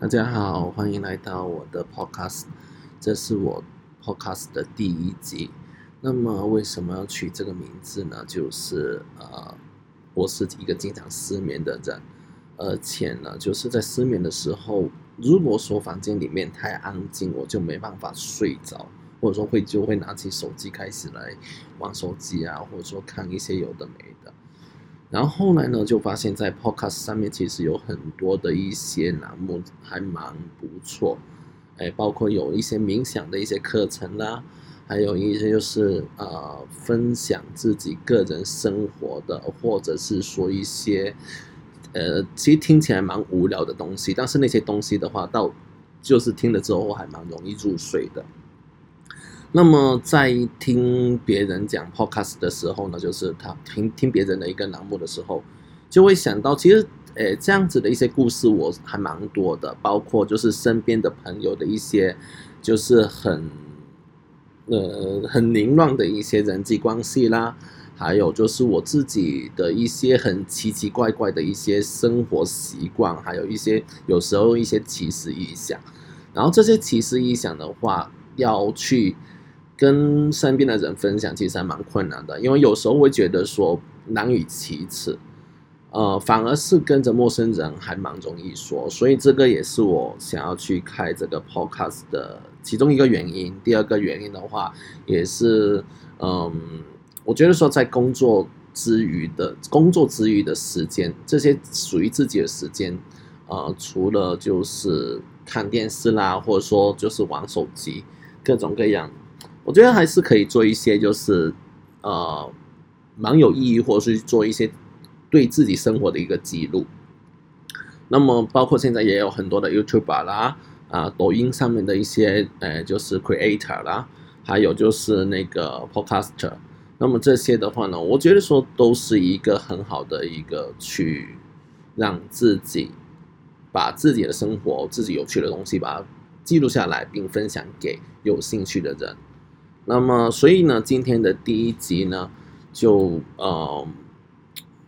大家好，歡迎來到我的 podcast，這是我 podcast 的第一集。那麼為什麼要取這個名字呢？就是呃，我是一個經常失眠的人，而且呢，就是在失眠的時候，如果說房間裡面太安靜，我就沒辦法睡着，或者說會就會拿起手機開始來玩手機啊，或者說看一些有的沒的。然後後來呢，就發現，在 Podcast 上面其實有很多的一些欄目還蠻不錯，哎，包括有一些冥想的一些課程啦，還有一些就是呃分享自己個人生活的，或者是說一些呃其實聽起來蠻無聊的東西，但是那些東西的話，到就是聽了之後還蠻容易入睡的。那麼在聽別人講 podcast 的時候呢，就是他聽聽別人的一個欄目的時候，就會想到，其實誒這樣子的一些故事我還蠻多的，包括就是身邊的朋友的一些，就是很，呃很凌亂的一些人際關係啦，還有就是我自己的一些很奇奇怪怪的一些生活習慣，還有一些有時候一些奇思異想，然後這些奇思異想的話要去。跟身邊的人分享其實還蠻困難的，因為有時候我會覺得說難以啟齒，呃，反而是跟着陌生人還蠻容易說。所以這個也是我想要去開這個 podcast 的其中一個原因。第二個原因的話，也是嗯、呃，我覺得說在工作之餘的工作之餘的時間，這些屬於自己的時間，呃，除了就是看電視啦，或者說就是玩手機，各種各樣。我覺得還是可以做一些，就是，呃，蠻有意義，或者是做一些對自己生活的一個記錄。那麼，包括現在也有很多的 YouTuber 啦，啊、呃，抖音上面的一些，呃，就是 Creator 啦，還有就是那個 Podcaster。那麼這些的話呢，我覺得說都是一個很好的一個去讓自己把自己的生活、自己有趣的東西，把它記錄下來，並分享給有興趣的人。那麼，所以呢，今天的第一集呢，就呃，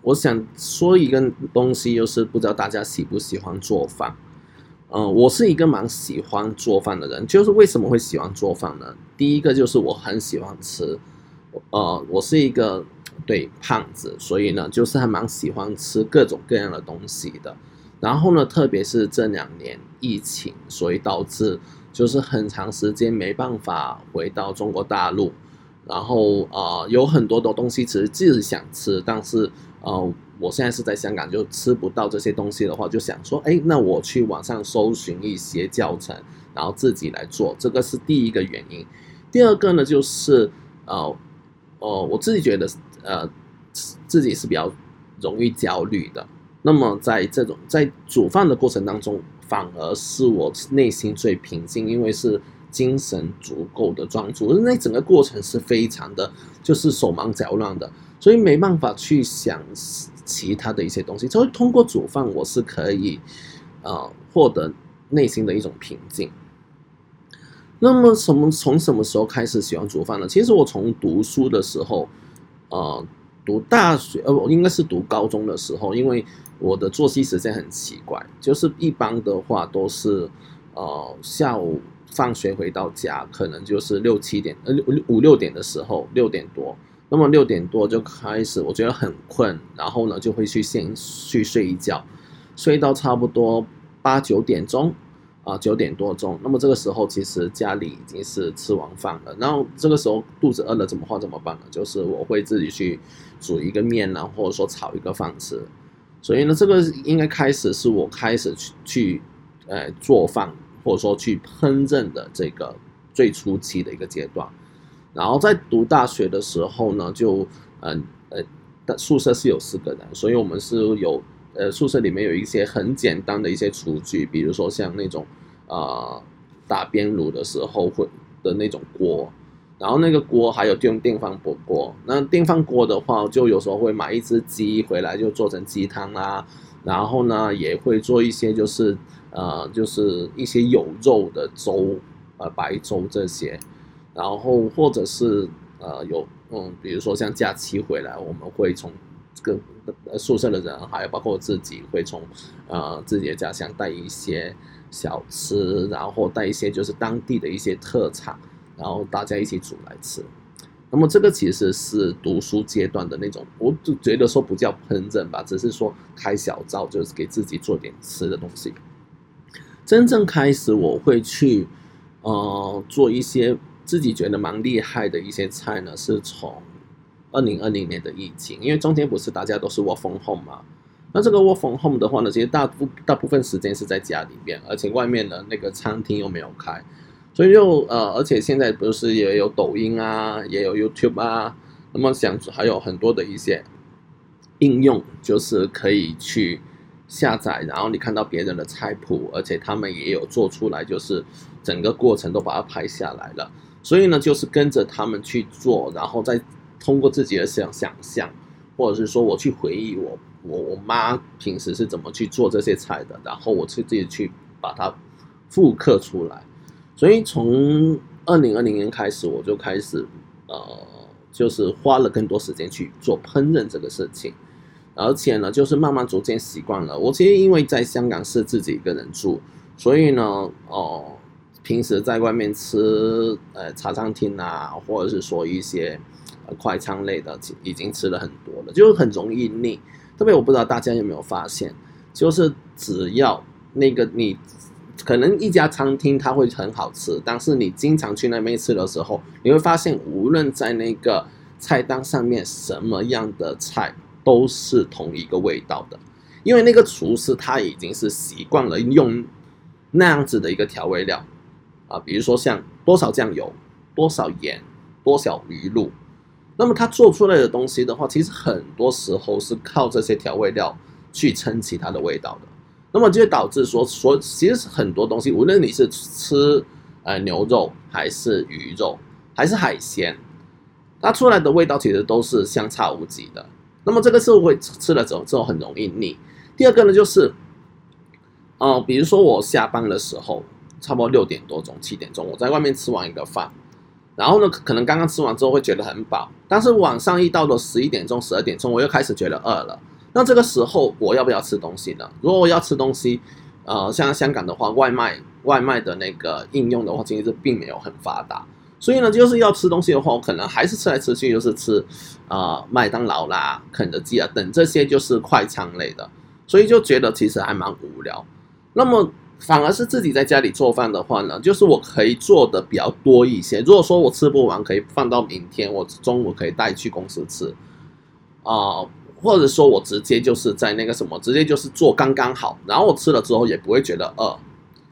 我想說一個東西，就是不知道大家喜不喜歡做飯。嗯、呃，我是一個蠻喜歡做飯的人，就是為什麼會喜歡做飯呢？第一個就是我很喜歡吃，呃，我是一個，對，胖子，所以呢，就是還蠻喜歡吃各種各樣的東西的。然後呢，特別是這兩年疫情，所以導致。就是很長時間沒辦法回到中國大陸，然後啊、呃，有很多的東西其實自己想吃，但是呃，我現在是在香港就吃不到這些東西的話，就想說，哎，那我去網上搜尋一些教程，然後自己來做，這個是第一個原因。第二個呢，就是呃，哦、呃，我自己覺得呃，自己是比較容易焦慮的。那麼在這種在煮飯的過程當中。反而是我內心最平靜，因為是精神足夠的專注。那整個過程是非常的，就是手忙腳亂的，所以沒辦法去想其他的一些東西。所以通過煮飯，我是可以，啊、呃、獲得內心的一種平靜。那麼，什麼從什麼時候開始喜歡煮飯呢？其實我從讀書的時候，啊、呃。讀大學呃，我應該是讀高中的時候，因為我的作息時間很奇怪，就是一般的話都是，呃，下午放學回到家可能就是六七點呃，六五六點的時候六點多，那麼六點多就開始我覺得很困，然後呢就會去先去睡一覺，睡到差不多八九點鐘。啊、呃，九點多鐘，那麼這個時候其實家裡已經是吃完飯了，然後這個時候肚子餓了，怎麼辦怎麼辦呢？就是我會自己去煮一個麵呢，或者說炒一個飯吃。所以呢，這個應該開始是我開始去去呃做飯，或者說去烹飪的這個最初期的一個階段。然後在讀大學的時候呢，就嗯呃，呃宿舍是有四個人，所以我們是有。呃，宿舍裡面有一些很簡單的一些廚具，比如說像那種啊、呃、打邊爐的時候會的那種鍋，然後那個鍋還有就用電飯煲鍋。那電飯鍋的話，就有時候會買一隻雞回來就做成雞湯啊，然後呢也會做一些就是呃就是一些有肉的粥，呃白粥這些，然後或者是呃有嗯比如說像假期回來，我們會從。跟宿舍的人，還有包括自己，會從呃自己的家鄉帶一些小吃，然後帶一些就是當地的一些特產，然後大家一起煮來吃。那麼這個其實是讀書階段的那種，我就覺得說不叫烹飪吧，只是說開小灶，就是給自己做點吃的東西。真正開始，我會去呃做一些自己覺得蠻厲害的一些菜呢，是從。二零二零年的疫情，因為中間不是大家都是 work from home 嘛，那這個 work from home 的話呢，其實大部大部分時間是在家裡面，而且外面的那個餐廳又沒有開，所以又呃，而且現在不是也有抖音啊，也有 YouTube 啊，那麼想還有很多的一些應用，就是可以去下載，然後你看到別人的菜譜，而且他們也有做出來，就是整個過程都把它拍下來了，所以呢，就是跟着他們去做，然後再。通過自己的想想象，或者是說我去回憶我我我媽平時是怎麼去做這些菜的，然後我自己去把它複刻出來。所以從二零二零年開始，我就開始呃，就是花了更多時間去做烹飪這個事情，而且呢，就是慢慢逐漸習慣了。我其實因為在香港是自己一個人住，所以呢，哦、呃，平時在外面吃呃、欸、茶餐廳啊，或者是說一些。快餐類的已經吃了很多了，就很容易膩。特別我不知道大家有沒有發現，就是只要那個你可能一家餐廳它會很好吃，但是你經常去那邊吃的時候，你會發現無論在那個菜單上面什麼樣的菜都是同一個味道的，因為那個廚師他已經是習慣了用那樣子的一個調味料啊，比如說像多少醬油、多少鹽、多少魚露。那麼它做出來的東西的話，其實很多時候是靠這些調味料去撐起它的味道的。那麼就會導致說，說，其實很多東西，無論你是吃、呃、牛肉還是魚肉還是海鮮，它出來的味道其實都是相差無幾的。那麼這個是會吃了之後之後很容易膩。第二個呢，就是，哦、呃，比如說我下班的時候，差不多六點多鐘七點鐘，我在外面吃完一個飯。然後呢，可能剛剛吃完之後會覺得很飽，但是晚上一到了十一點鐘、十二點鐘，我又開始覺得餓了。那這個時候我要不要吃東西呢？如果我要吃東西，呃，像香港的話，外賣外賣的那個應用的話，其實並沒有很發達。所以呢，就是要吃東西的話，我可能還是吃來吃去就是吃，啊、呃，麥當勞啦、肯德基啊等這些就是快餐類的，所以就覺得其實還蠻無聊。那麼。反而是自己在家裡做飯的話呢，就是我可以做的比較多一些。如果說我吃不完，可以放到明天，我中午可以帶去公司吃，啊、呃，或者說我直接就是在那個什麼，直接就是做剛剛好，然後我吃了之後也不會覺得餓、呃。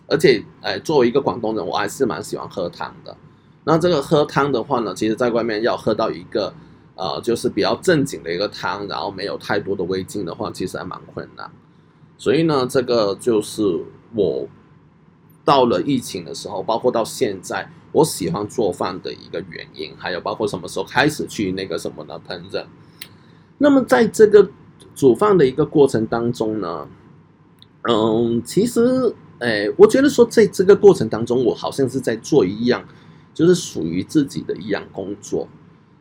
而且，哎、欸，作為一個廣東人，我還是蠻喜歡喝湯的。那這個喝湯的話呢，其實在外面要喝到一個呃，就是比較正經的一個湯，然後沒有太多的味精的話，其實還蠻困難。所以呢，這個就是。我到了疫情的時候，包括到現在，我喜歡做飯的一個原因，還有包括什麼時候開始去那個什麼的烹飪。那麼，在這個煮飯的一個過程當中呢，嗯，其實，哎，我覺得說在這個過程當中，我好像是在做一樣，就是屬於自己的一樣工作。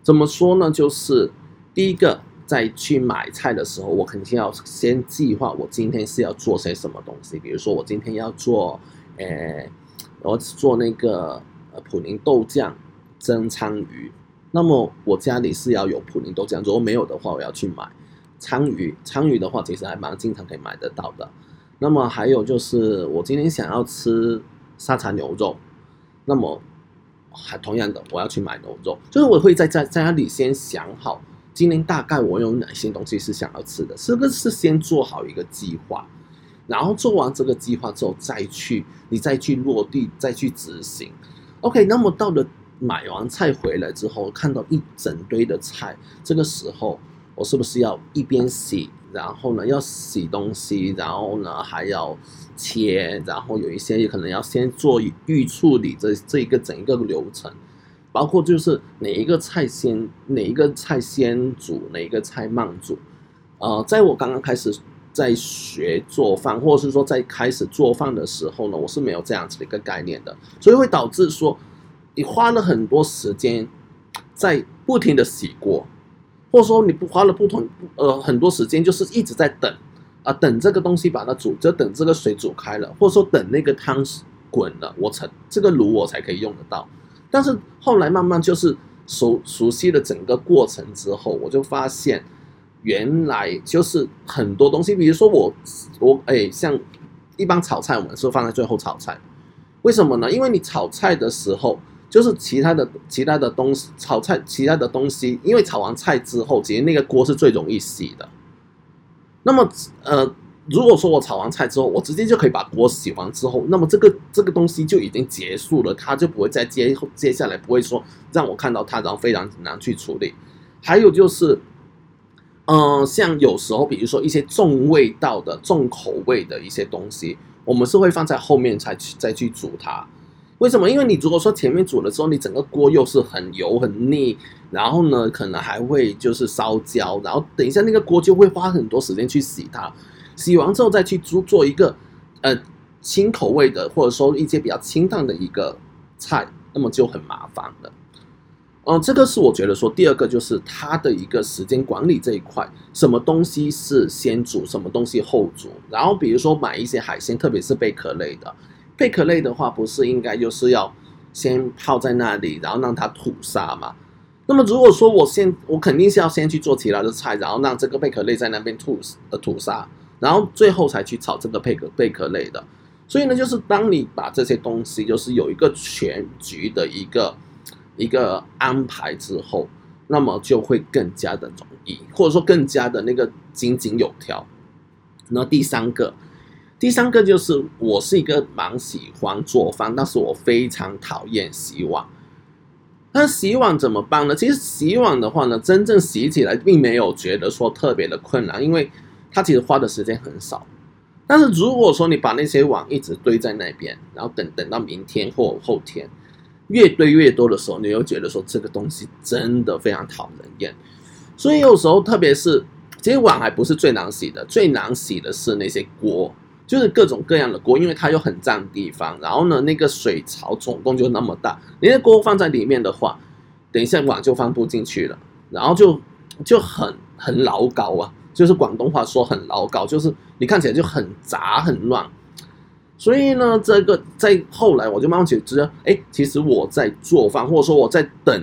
怎麼說呢？就是第一個。在去買菜的時候，我肯定要先計劃我今天是要做些什麼東西。比如說，我今天要做，呃、欸，我要做那個普寧豆醬蒸鯧魚。那麼我家裡是要有普寧豆醬，如果沒有的話，我要去買。鯧魚，鯧魚的話其實還蠻經常可以買得到的。那麼還有就是，我今天想要吃沙茶牛肉，那麼還同樣的，我要去買牛肉。就是我會在家在家裡先想好。今天大概我有哪些東西是想要吃的？是不是先做好一個計劃，然後做完這個計劃之後再去，你再去落地再去執行。OK，那麼到了買完菜回來之後，看到一整堆的菜，這個時候，我是不是要一邊洗，然後呢要洗東西，然後呢還要切，然後有一些也可能要先做預處理這這一個整一個流程。包括就是哪一個菜先，哪一個菜先煮，哪一個菜慢煮。呃，在我剛剛開始在學做飯，或者是說在開始做飯的時候呢，我是沒有這樣子的一個概念的，所以會導致說你花了很多時間在不停的洗鍋，或者說你不花了不同呃很多時間，就是一直在等啊、呃，等這個東西把它煮，就等這個水煮開了，或者說等那個湯滾了，我才這個爐我才可以用得到。但是後來慢慢就是熟熟悉了整個過程之後，我就發現原來就是很多東西，比如說我我哎、欸、像一般炒菜，我們是放在最後炒菜，為什麼呢？因為你炒菜的時候，就是其他的其他的東西，炒菜其他的東西，因為炒完菜之後，其實那個鍋是最容易洗的。那麼呃。如果說我炒完菜之後，我直接就可以把鍋洗完之後，那麼這個這個東西就已經結束了，它就不會再接接下來不會說讓我看到它，然後非常難去處理。還有就是，嗯、呃，像有時候比如說一些重味道的、重口味的一些東西，我們是會放在後面才去再去煮它。為什麼？因為你如果說前面煮了之後，你整個鍋又是很油很膩，然後呢，可能還會就是燒焦，然後等一下那個鍋就會花很多時間去洗它。洗完之後再去煮做一個，呃，清口味的，或者說一些比較清淡的一個菜，那麼就很麻煩了。嗯、呃，這個是我覺得說第二個就是它的一個時間管理這一塊，什麼東西是先煮，什麼東西後煮。然後比如說買一些海鮮，特別是貝殼類的，貝殼類的話不是應該就是要先泡在那裡，然後讓它吐沙嘛？那麼如果說我先，我肯定是要先去做其他的菜，然後讓這個貝殼類在那邊吐呃吐沙。然後最後才去炒這個貝殼貝殼類的，所以呢，就是當你把這些東西，就是有一個全局的一個一個安排之後，那麼就會更加的容易，或者說更加的那個井井有條。那第三個，第三個就是我是一個蠻喜歡做飯，但是我非常討厭洗碗。那洗碗怎麼辦呢？其實洗碗的話呢，真正洗起來並沒有覺得說特別的困難，因為。它其實花的時間很少，但是如果說你把那些碗一直堆在那邊，然後等等到明天或後天，越堆越多的時候，你又覺得說這個東西真的非常討人厭。所以有時候，特別是其實碗還不是最難洗的，最難洗的是那些鍋，就是各種各樣的鍋，因為它又很占地方。然後呢，那個水槽總共就那麼大，你的鍋放在裡面的話，等一下碗就放不進去了，然後就就很很老高啊。就是廣東話說很牢搞，就是你看起來就很雜很亂，所以呢，這個在後來我就慢慢覺知，哎、欸，其實我在做飯或者說我在等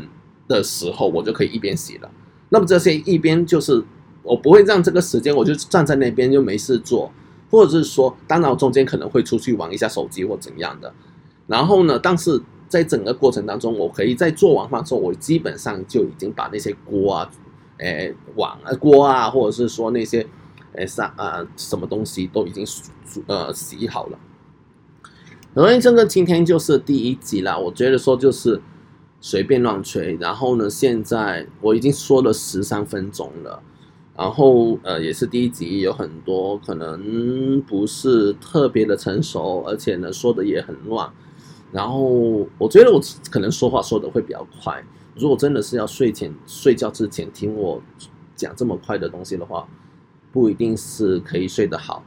的時候，我就可以一邊洗了。那麼這些一邊就是我不會讓這、這個時間，我就站在那邊就沒事做，或者是說，當然中間可能會出去玩一下手機或怎樣的。然後呢，但是在整個過程當中，我可以在做完飯之後，我基本上就已經把那些鍋啊。呃、欸，碗啊、鍋啊，或者是說那些，欸、呃，啥啊，什麼東西都已經呃洗好了。然後，這個今天就是第一集啦，我覺得說就是隨便亂吹。然後呢，現在我已經說了十三分鐘了。然後呃，也是第一集，有很多可能不是特別的成熟，而且呢說的也很亂。然後，我覺得我可能說話說的會比較快。如果真的是要睡前睡覺之前聽我講這麼快的東西的話，不一定是可以睡得好。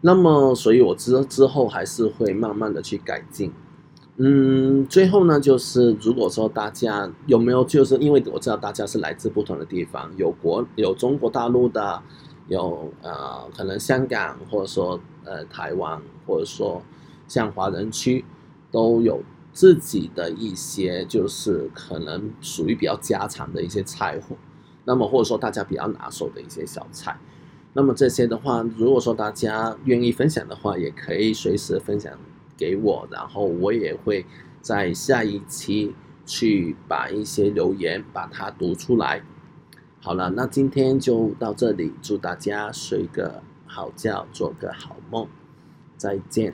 那麼，所以我之之後還是會慢慢的去改進。嗯，最後呢，就是如果說大家有沒有就是因為我知道大家是來自不同的地方，有國有中國大陸的，有啊，呃，可能香港或者說呃台灣或者說像華人區都有。自己的一些就是可能屬於比較家常的一些菜，那麼或者說大家比較拿手的一些小菜，那麼這些的話，如果說大家願意分享的話，也可以隨時分享給我，然後我也會在下一期去把一些留言把它讀出來。好了，那今天就到這裡，祝大家睡個好覺，做個好夢，再見。